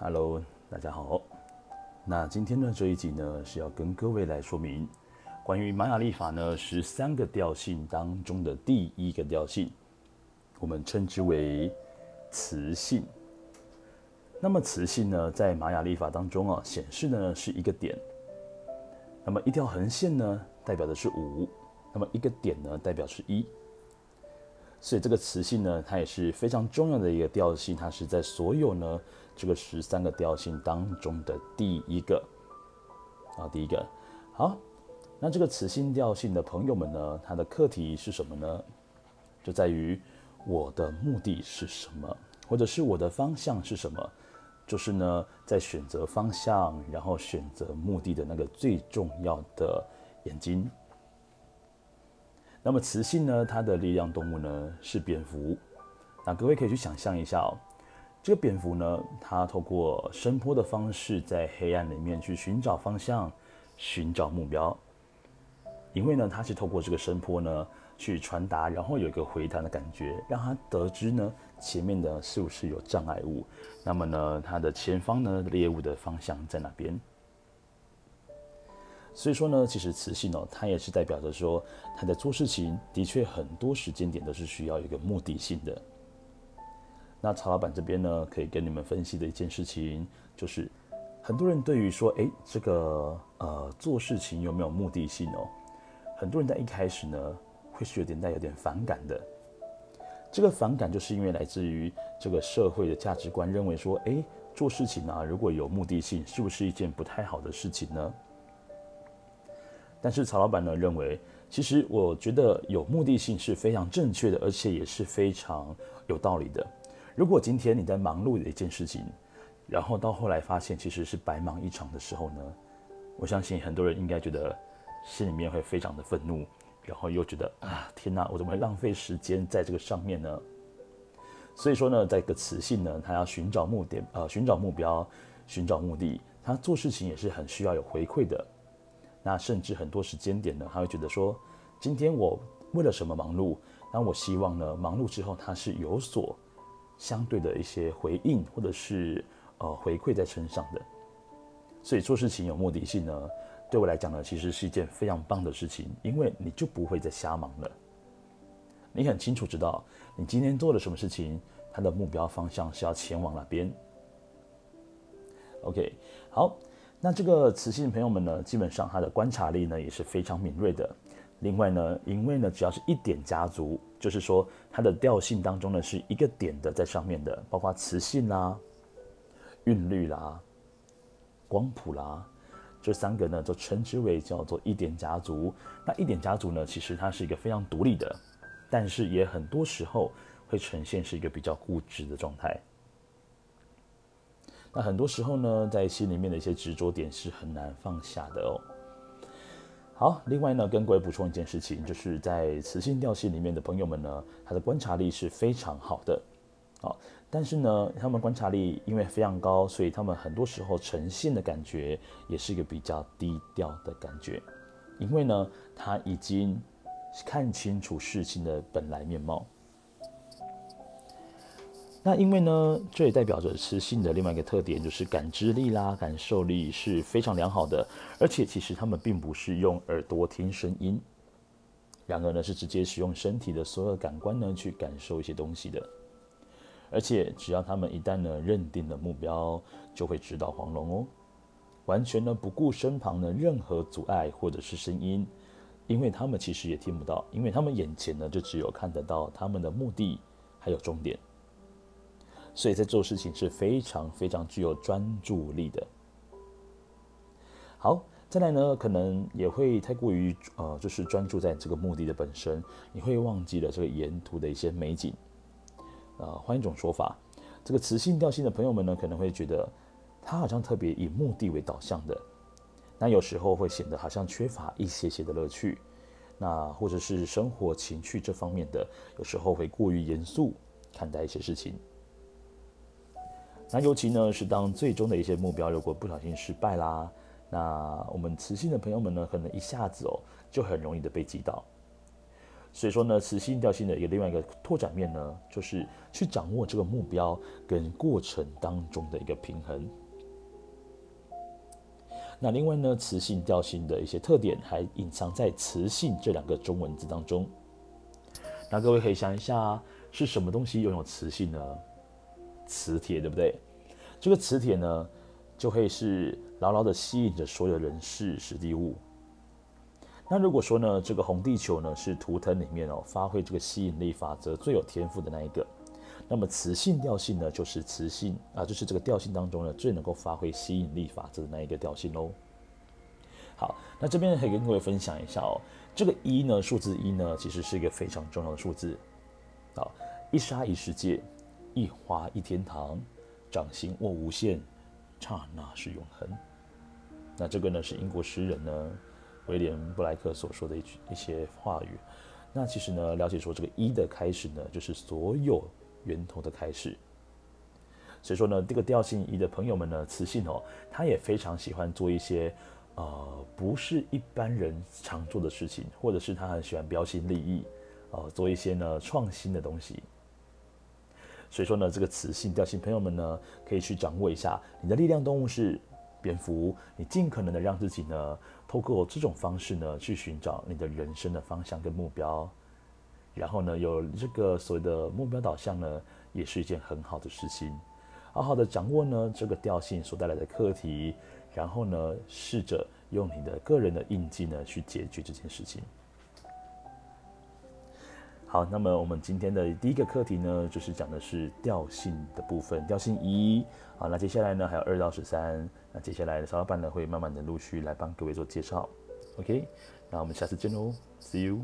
Hello，大家好。那今天的這一集呢是要跟各位來說明關於瑪雅曆法呢十三個調性當中的第一個調性，我們稱之為磁性。那麼磁性呢，在瑪雅曆法當中啊，顯示呢是一個點。那麼一條橫線呢，代表的是五。那麼一個點呢，代表是一。所以這個磁性呢，它也是非常重要的一個調性，它是在所有呢這個十三個調性當中的第一個啊，第一個。好，那這個磁性調性的朋友們呢，它的課題是什麼呢？就在於我的目的是什麼，或者是我的方向是什麼，就是呢在選擇方向，然後選擇目的的那個最重要的眼睛。那麼磁性呢，它的力量動物呢是蝙蝠。那各位可以去想象一下哦、喔，這個蝙蝠呢，它透過聲波的方式在黑暗裡面去尋找方向、尋找目標，因為呢，它是透過這個聲波呢去傳達，然後有一個回彈的感覺，讓它得知呢前面的是不是有障礙物。那麼呢，它的前方呢獵物的方向在哪邊？所以說呢，其實磁性哦，它也是代表着說，他在做事情的確很多時間點都是需要一個目的性的。那曹老闆這邊呢，可以跟你們分析的一件事情就是，很多人對於說，誒這個呃做事情有沒有目的性哦？很多人在一開始呢，會是有點帶有點反感的。這個反感就是因為來自於這個社會的價值觀認為說，誒做事情啊如果有目的性，是不是一件不太好的事情呢？但是曹老闆呢認為，其實我覺得有目的性是非常正確的，而且也是非常有道理的。如果今天你在忙碌的一件事情，然後到後來發現其實是白忙一場的時候呢，我相信很多人應該覺得心裡面會非常的憤怒，然後又覺得啊，天哪，我怎麼會浪費時間在這個上面呢？所以說呢，在一個磁性呢，他要尋找目的，呃，尋找目標，尋找目的，他做事情也是很需要有回饋的。那甚至很多時間點呢，他會覺得說，今天我為了什麼忙碌？那我希望呢，忙碌之後他是有所相對的一些回應，或者是呃回饋在身上的。所以做事情有目的性呢，對我來講呢，其實是一件非常棒的事情，因為你就不會再瞎忙了。你很清楚知道你今天做了什麼事情，它的目標方向是要前往哪邊。OK，好。那這個磁性朋友們呢，基本上他的觀察力呢也是非常敏銳的。另外呢，因為呢，只要是一點家族，就是說它的調性當中呢是一個點的在上面的，包括磁性啦、韻律啦、光譜啦，這三個呢都稱之為叫做一點家族。那一點家族呢，其實它是一個非常獨立的，但是也很多時候會呈現是一個比較固執的狀態。那、啊、很多時候呢，在心裡面的一些執着點是很難放下的哦。好，另外呢，跟各位補充一件事情，就是在磁性調性裡面的朋友們呢，他的觀察力是非常好的。好、哦，但是呢，他們觀察力因為非常高，所以他們很多時候呈現的感覺也是一個比較低調的感覺，因為呢，他已經看清楚事情的本來面貌。那因為呢，這也代表着磁性的另外一個特點，就是感知力啦、感受力是非常良好的。而且其實他們並不是用耳朵聽聲音，兩個呢是直接使用身體的所有的感官呢去感受一些東西的。而且只要他們一旦呢認定了目標，就會直搗黃龍哦，完全呢不顧身旁的任何阻礙或者是聲音，因為他們其實也聽不到，因為他們眼前呢就只有看得到他們的目的還有終點。所以在做事情是非常非常具有專注力的。好，再來呢，可能也會太過於呃，就是專注在你這個目的的本身，你會忘記了這個沿途的一些美景。呃，換一種說法，這個磁性調性的朋友們呢，可能會覺得他好像特別以目的為導向的，那有時候會顯得好像缺乏一些些的樂趣，那或者是生活情趣這方面的，有時候會過於嚴肅看待一些事情。那尤其呢，是當最終的一些目標如果不小心失敗啦，那我們磁性的朋友們呢，可能一下子哦，就很容易的被擊倒。所以說呢，磁性調性的一個另外一個拓展面呢，就是去掌握這個目標跟過程當中的一個平衡。那另外呢，磁性調性的一些特點還隱藏在“磁性”這兩個中文字當中。那各位可以想一下，是什麼東西擁有磁性呢？磁鐵對不對？這個磁鐵呢，就會是牢牢的吸引着所有人事時地物。那如果說呢，這個紅地球呢，是圖騰裡面哦，發揮這個吸引力法則最有天賦的那一個，那麼磁性調性呢，就是磁性啊，就是這個調性當中呢，最能夠發揮吸引力法則的那一個調性嘍。好，那這邊可以跟各位分享一下哦，這個一呢，數字一呢，其實是一個非常重要的數字。好，一沙一世界。一花一天堂，掌心握無限，剎那是永恆。那這個呢，是英國詩人呢威廉布萊克所說的一句一些話語。那其實呢，了解說這個一的開始呢，就是所有源頭的開始。所以說呢，這個調性一的朋友們呢，磁性哦，他也非常喜歡做一些呃不是一般人常做的事情，或者是他很喜歡標新立異，呃、哦，做一些呢創新的東西。所以說呢，這個磁性調性，性朋友們呢可以去掌握一下。你的力量動物是蝙蝠，你儘可能的讓自己呢，透過這種方式呢，去尋找你的人生的方向跟目標。然後呢，有這個所謂的目標導向呢，也是一件很好的事情。好好的掌握呢這個調性所帶來的課題，然後呢，試着用你的個人的印記呢去解決這件事情。好，那麼我們今天的第一個課題呢，就是講的是調性的部分，調性一。好，那接下來呢還有二到十三，那接下來的小伙伴呢會慢慢的陸續來幫各位做介紹。OK，那我們下次見哦，See you。